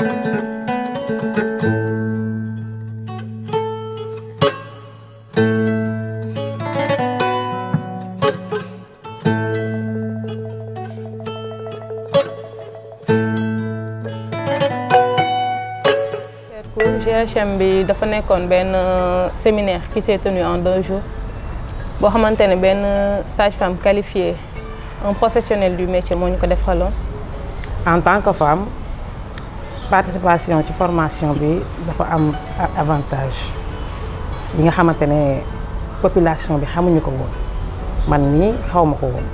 GHM bi dafa nekkoon benn euh, séminaire qui s'est tenu en deux jours boo xamante ne benn euh, sage-femme qualifiée un professionnel du métier moo ñu ko defaloon en tant que femme participation ci formation bi dafa am avantage yi nga xamante ne population bi xamuñu ko woon man nii xaw ma ko woon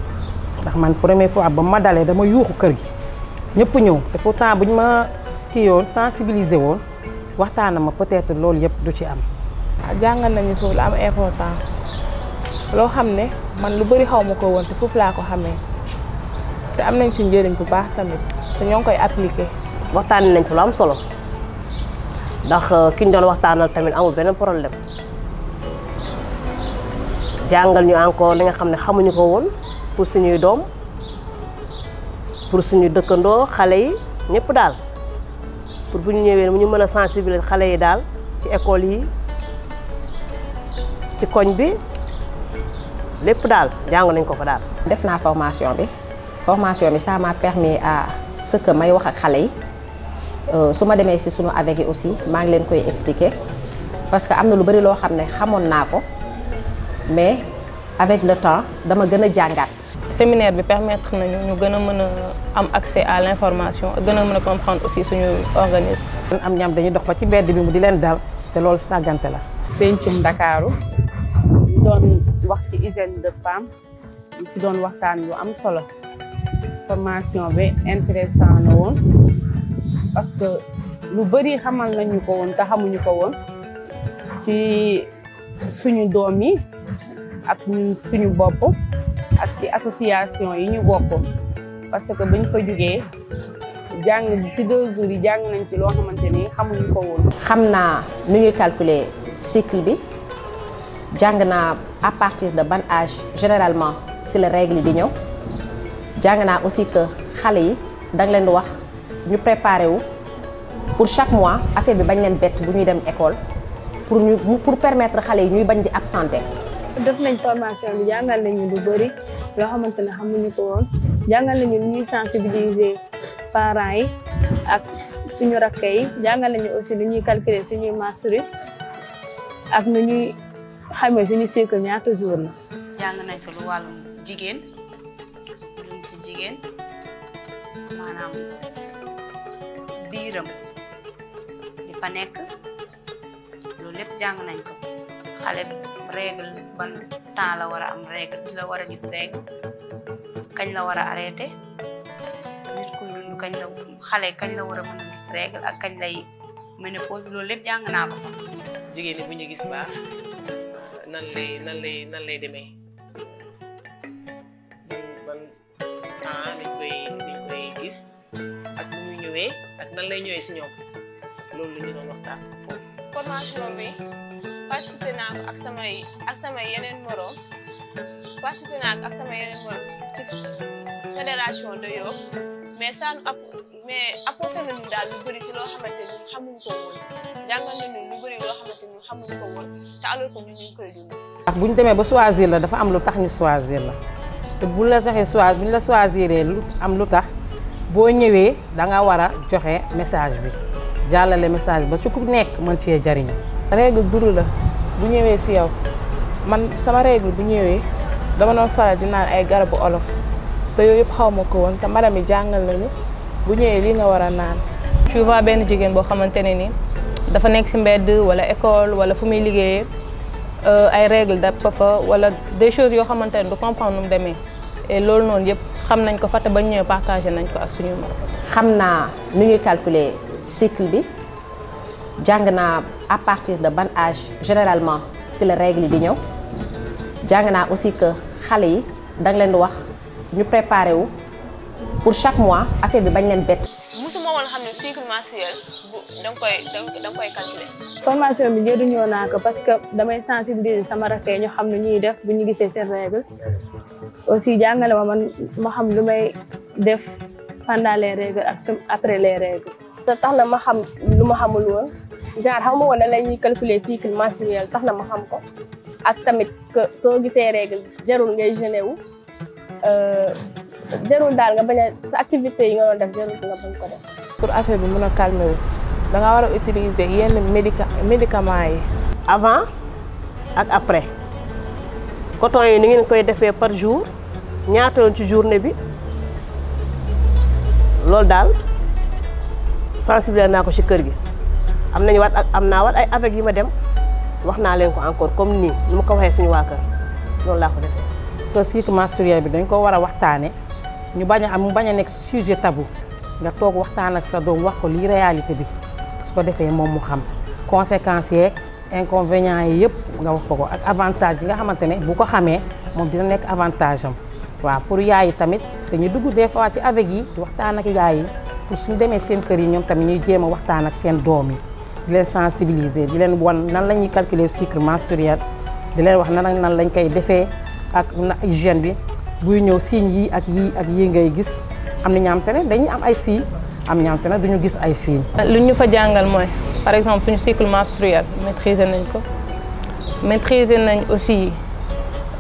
ndax man première fois ba ma dalee dama yuuxu kër gi ñëpp ñëw te pourtant buñ ma ci yoon sensibiliser woon waxtaana ma peut-être loolu yëpp du ci am. Ah, jàngal nañu foofu la am importance loo xam ne man lu bëri xaw ma ko woon te foofu laa ko xamee te am nañ ci njëriñ bu baax tamit te ñoo ngi koy appliquer. waxtaanee nañ fa lu am solo ndax euh, ki doon waxtaanal tamit amul benn problème jàngal ñu encore li nga xam ne xamuñu ko woon pour suñuy doom pour suñu dëkkandoo xale yi ñëpp daal pour bu ñu ñëwee mu ñu mën a sensibiliser xale yi daal ci école yi ci koñ bi lépp daal jàng nañ ko fa daal. def naa formation bi formation bi ça m'a permis à ce que may wax ak xale yi. Euh, su ma demee si suñu avec yi aussi maa ngi leen koy expliquer parce que am na lu bari loo xam ne xamoon naa ko mais avec le temps dama gën a jàngaat. séminaire bi permettre nañu ñu gën a mën a am accès à l'information gën a mën a comprendre aussi suñu organisme. am ñam dañuy dox ba ci mbedd bi mu di leen dal te loolu sàggante la. pencum Ndakaaru doon wax ci hygiène de femme ci doon waxtaan yu am solo formation bi intéressant na woon. parce que lu bëri xamal nañ ñu ko woon te xamuñu ko woon ci suñu doom yi ak ñun suñu bopp ak ci association yi ñu bokk parce que bañ fa jugee jàng ci deux jàng nañ ci loo xamante ni xamuñu ko woon. xam naa nu ñuy calculer cycle bi jàng naa à partir de ban age généralement si la règle di ñëw jàng naa aussi que xale yi danga leen di wax. ñu préparer wu pour chaque mois affaire bi bañ leen bett bu ñuy dem école pour ñu pour permettre xale yi ñuy bañ di absenté. def nañ formation bi jàngal nañu lu bëri loo xamante ne xamuñu ko woon jàngal nañu ñuy sensibiliser parents yi ak suñu rakk yi jàngal nañu aussi lu ñuy calculer suñuy menstrues ak nu ñuy xamee suñu cycle ñaata jour la. jàng nañ ko lu wàllum jigéen lu ci jigéen maanaam. biiram li fa nekk loolu lépp jàng na ko xale bi ban temps la war a am règle di la war a gis règle kañ la war a arrêté nit ku ñuul kañ la xale kañ la war a mën a gis lay ménopause loolu lépp jàng naa ko. jigéen ñi bu ñu gis baax nan lay nan lay nan ak nan lay ñëwee si ñoom loolu la ñu doon waxtaan. formation bi participé naa ko ak samay yeneen morom participé naa ko ak samay yeneen morom ci fédération de mais saan app mais apporté daal lu bëri ci loo xamante ni xamuñ ko woon jàngal nañu ko woon te alors que ñu ngi koy dund. ndax bu ñu demee ba choisir la dafa am lu tax ñu choisir la te bu la taxee choisir choisiree am lu tax. boo ñëwee da nga war a joxe message bi jàllale message ba su nekk mën cee jariñu règle duru la bu ñëwee si yow man sama règle bu ñëwee dama doon faral di naan ay garabu olof te yooyu yëpp xaw ma ko woon te madame yi jàngal nañu bu ñëwee lii nga war a naan. tu benn jigéen boo xamante ne ni dafa nekk si mbedd wala école wala fu muy liggéeyee euh, ay règle dab ko fa wala des choses yoo xamante ne du comprendre nu mu demee et loolu noonu yëpp. xam nañ ko fa te bañ ñëwee partagé nañ ko ak suñu morom. xam naa nu ñuy calculer cycle bi jàng naa à partir de ban âge généralement si la règle di ñëw jàng naa aussi que xale yi da leen di wax ñu préparé wu pour chaque mois affaire bi bañ leen bett. su woon xam ne cycle menstruel bu da koy calculer. formation bi jëriñoo naa ko parce que damay sensibiliser sama rakk yi xam ne ñuy def bu ñu gisee seen règle aussi jàngale ma man ma xam lu may def pendant les règles ak après les règles. te tax na ma xam lu ma xamul woon genre xaw ma woon ne la ñuy calculer cycle menstruel tax la ma xam ko ak tamit soo gisee règle jarul ngay gêné wu. Euh, jarul daal nga bañ a sa activité yi nga doon def nga bañ ko def. pour affaire bi mun a calmer wu da nga war a utiliser yenn médica médicament yi. avant ak après coton yi ni ngeen koy defee par jour ñaata yoon ci journée bi loolu daal sensibiliser naa ko ci kër gi am nañu wat ak am naa wat ay avec yi ma dem wax naa leen ko encore comme nii nu ma ko waxee suñu waa kër loolu laa ko defee. cycle menstruel bi dañ ko war a waxtaane ñu bañ a am mu bañ a nekk sujet tabu nga toog waxtaan ak sa doom wax ko lii réalité bi su ko defee moom mu xam conséquences yeeg inconvénients yi yëpp nga wax ko ko ak avantage yi nga xamante ne bu ko xamee moom dina nekk avantage am waaw pour yaay yi tamit dañu dugg des fois ci avec yi waxtaan ak yaay yi pour suñu demee seen kër yi ñoom tamit ñuy jéem a waxtaan ak seen doom yi di leen sensibiliser di leen wan nan la ñuy calculer cycle menstruel di leen wax nan nan lañ koy defee ak hygiène bi buy ñëw signes yii ak yii ak yii ngay gis am na ñaamte ne dañuy am ay signes am ñaamte bu ñu gis ay signes. lu ñu fa jàngal mooy par exemple suñu cycle menstruel maîtriser nañ ko maîtriser nañ aussi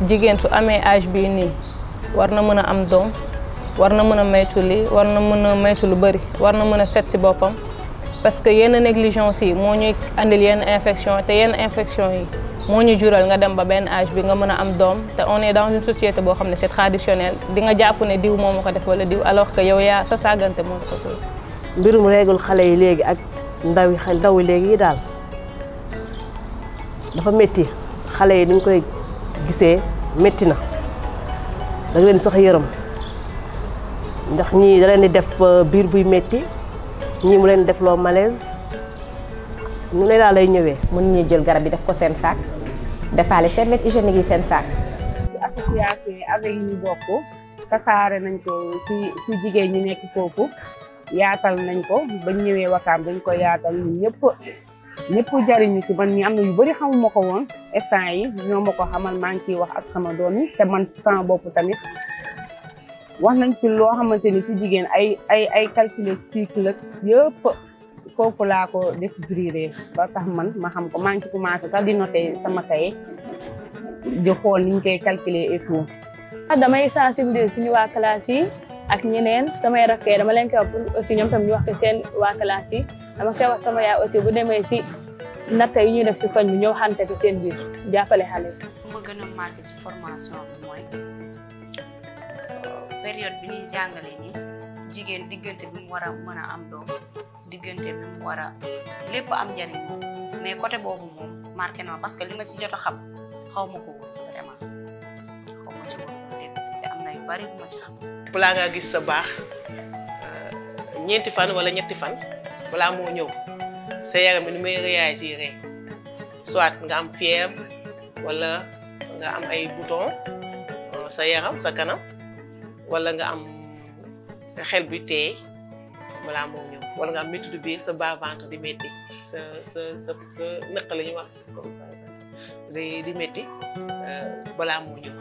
jigéen su amee age bii nii war na mën a am doom war na mën a moytu lii war na mën a moytu lu bëri war na mun a set si boppam. parce que yenn négligence yi moo ñuy andil yenn infection te yenn infection yi moo ñu jural nga dem ba benn âge bi nga mën a am doom te on est dans une société boo xam ne c'est traditionnel di nga jàpp ne diw moo ko def wala diw alors que yow yaa sa sàggante moom sa ko mbirum réegul xale yi léegi ak ndaw yi ndaw yi léegi yi daal dafa métti xale yi ni koy gisee metti na da nga leen sax yërëm ndax ñii da leen di def biir buy métti ñi mu leen def loo malaise ñu ne laa lay ñëwee. mën nañu jël garab yi def ko seen saak defaale serviette hygiénique yi seen saak. association yi avec ñu bokk tasaare nañ ko ci ci jigéen ñi nekk foofu yaatal nañ ko bañ ñëwee wakaam dañ ko yaatal ñun ñëpp ñëpp jariñu ci man ñi am na yu bëri xamuma ko woon instant yi ñoo ma ko xamal maa ngi ciy wax ak sama doom yi te man sama bopp tamit. wax nañ si loo xamante ni si jigéen ay ay ay calculer cycle ak yëpp foofu laa ko découvrir ba tax man ma xam ko maa ngi ci commencé sax di noter sama kaye di xool niñ koy calculer et tout. Ah, damay sensibiliser suñu waa classe yi ak ñeneen samay rakkee dama leen koy wax pour aussi ñoom tam ñu wax ko seen waa classe yi dama koy wax sama yaay aussi bu demee si natta yi ñuy def si koñ bi ñëw xante ko seen biir jàppale xale yi. ma gën mooy. période bi ñuy jàngale ni jigéen diggante bi mu war a a am doom diggante bi mu war lépp am njariñ moom mais côté boobu moom marqué na parce que li ma ci jot a xam xaw ma ko xaw ma ci woon te ma ci xam. balaa ngaa gis sa baax euh, ñeenti fan wala ñetti fan wala moo ñëw sa yaram bi ni muy réagir soit nga am fièvre wala nga am ay bouton euh, sa yaram sa kanam. wala nga am xel bi teey balaa moo ñëw wala nga am métti bii sa bas ventre di métti sa sa sa sa nëq wax di di euh, balaa moo ñëw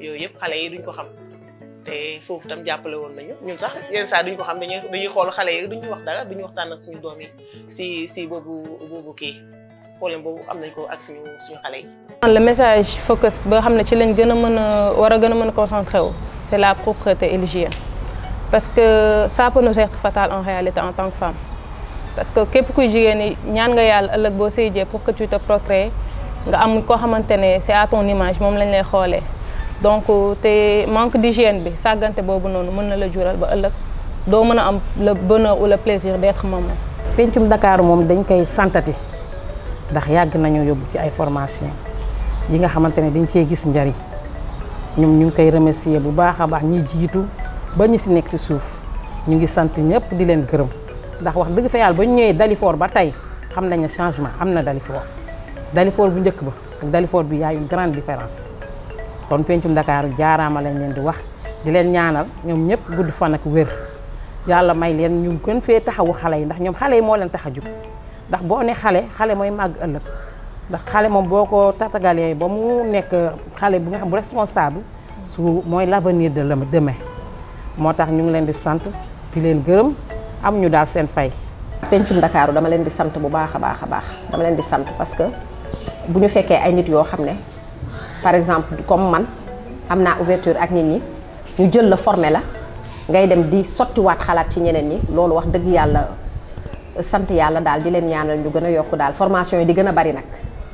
yooyu yëpp xale yi duñ ko xam te foofu tam jàppale woon nañu ñun sax yenn saa duñ ko xam dañuy dañuy xool xale yi duñu wax dara duñu waxtaan ak suñu doom yi si si boobu boobu kii problème boobu am nañ ko ak suñu suñu xale yi. le message focus ba xam ne ci lañ gën a mën a war a gën a mën a concentré wu. c'est la propreté et parce que ça peut nous être fatal en réalité en tant que femme parce que képp kuy jigéen ñi ñaan nga yàlla ëllëg boo sëy jee pour que tu te procrées nga am koo xamante ne c'est à image moom lañ lay xoolee donc te manque d'hygiène bi sàggante boobu noonu mën na la jural ba ëllëg doo mën a am le bonheur ou le plaisir d'être maman. pencum Dakar moom dañ koy santati ndax yàgg nañu yóbbu ci ay formation yi nga xamante ne dañ cee gis njariñ ñoom ñu ngi koy remercier bu baax a baax ñi jiitu ba ñu si nekk si suuf ñu ngi sant ñëpp di leen gërëm ndax wax dëgg fa yàlla ba ñu ñëwee Dalifort ba tey xam nañ ne changement am na Dalifort Dalifort bu njëkk ba ak bi yaay une grande différence kon pencum Ndakaaru jaaraama lañ leen di wax di leen ñaanal ñoom ñëpp gudd fan ak wér yàlla may leen ñu gën fee taxawu xale yi ndax ñoom xale yi moo leen tax a jug ndax boo ne xale xale mooy màgg ëllëg ndax xale moom boo ko tàttagalee ba mu nekk xale bu nga xam bu responsable su mooy l'avenir de demain moo tax ñu ngi leen di sant di leen gërëm am ñu daal seen fay pencum Ndakaaru dama leen di sant bu baax a baax a baax dama leen di sant parce que bu ñu fekkee ay nit yoo xam ne par exemple comme man am naa ouverture ak nit ñi ñu jël la formé la ngay dem di sottiwaat xalaat ci ñeneen ñi loolu wax dëgg yàlla sant yàlla daal di leen ñaanal ñu gën a yokk daal formation yi di gën a bari nag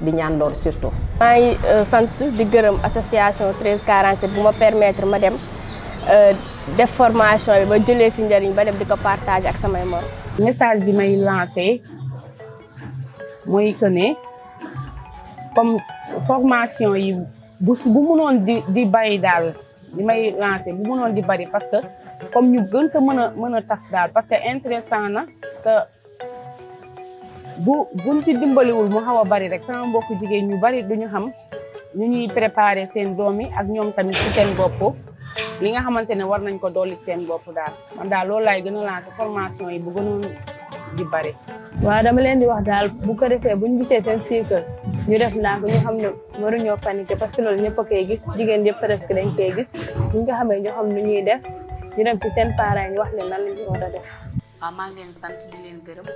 di ñaan loolu surtout. maa ngi euh, sant di gërëm association 1347 bu ma permettre ma dem euh, def formation bi ba jëlee si njëriñ ba dem di ko partager ak samay morom. message bi may lancé mooy que ne comme formation yi bu bu mënoon di di bari daal li may lancé bu mënoon di bari parce que comme ñu gën ko mën a tas daal parce que intéressant na que. bu buñ ci dimbaliwul mu xaw a bari rek sama mbokku jigéen ñu bari ñu xam ñu ñuy préparer seen doom yi ak ñoom tamit ci seen bopp li nga xamante ne war nañ ko dolli seen bopp daal man daal loolu laay gën a lancé formation yi bu gënoon di bari. waaw dama leen di wax daal bu ko defee buñ gisee seen cycle ñu def naa ko ñu xam ne waruñoo paniqué parce que loolu ñëpp a koy gis jigéen yëpp presque dañ koy gis bu nga xamee ñu xam nu ñuy def ñu dem ci seen parents yi wax leen nan lañ war a def. waaw maa ngi leen sant di leen gërëm.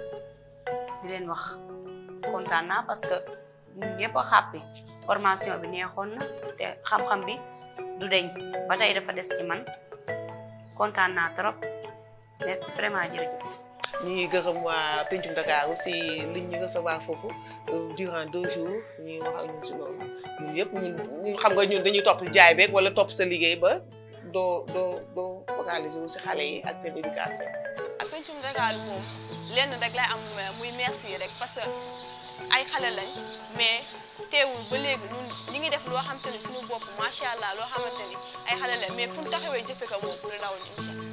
di leen wax kontaan naa parce que ñun ñëpp a xàppi formation bi neexoon na te xam-xam bi du deñ ba tey dafa des ci man kontaan naa trop mais vraiment jërëjëf. ñu ngi gërëm waa Pencum Ndakaaru si liñ ñu recevoir foofu euh, durant deux wax ak ñun si loolu ñun yëpp ñun xam nga ñun dañuy topp jaay beeg wala topp sa liggéey ba doo doo doo focaliser xale yi ak seen éducation. ak Pencum Ndakaaru moom. lenn rek lay am euh, muy merci rek parce que ay xale lañ mais teewul ba léegi ñun ñi ngi def loo xamante ni suñu bopp macha allah loo xamante ni ay xale lañ mais fu ñu taxawee jëfe ko moom lu raw incha